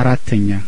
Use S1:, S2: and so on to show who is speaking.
S1: አራተኛ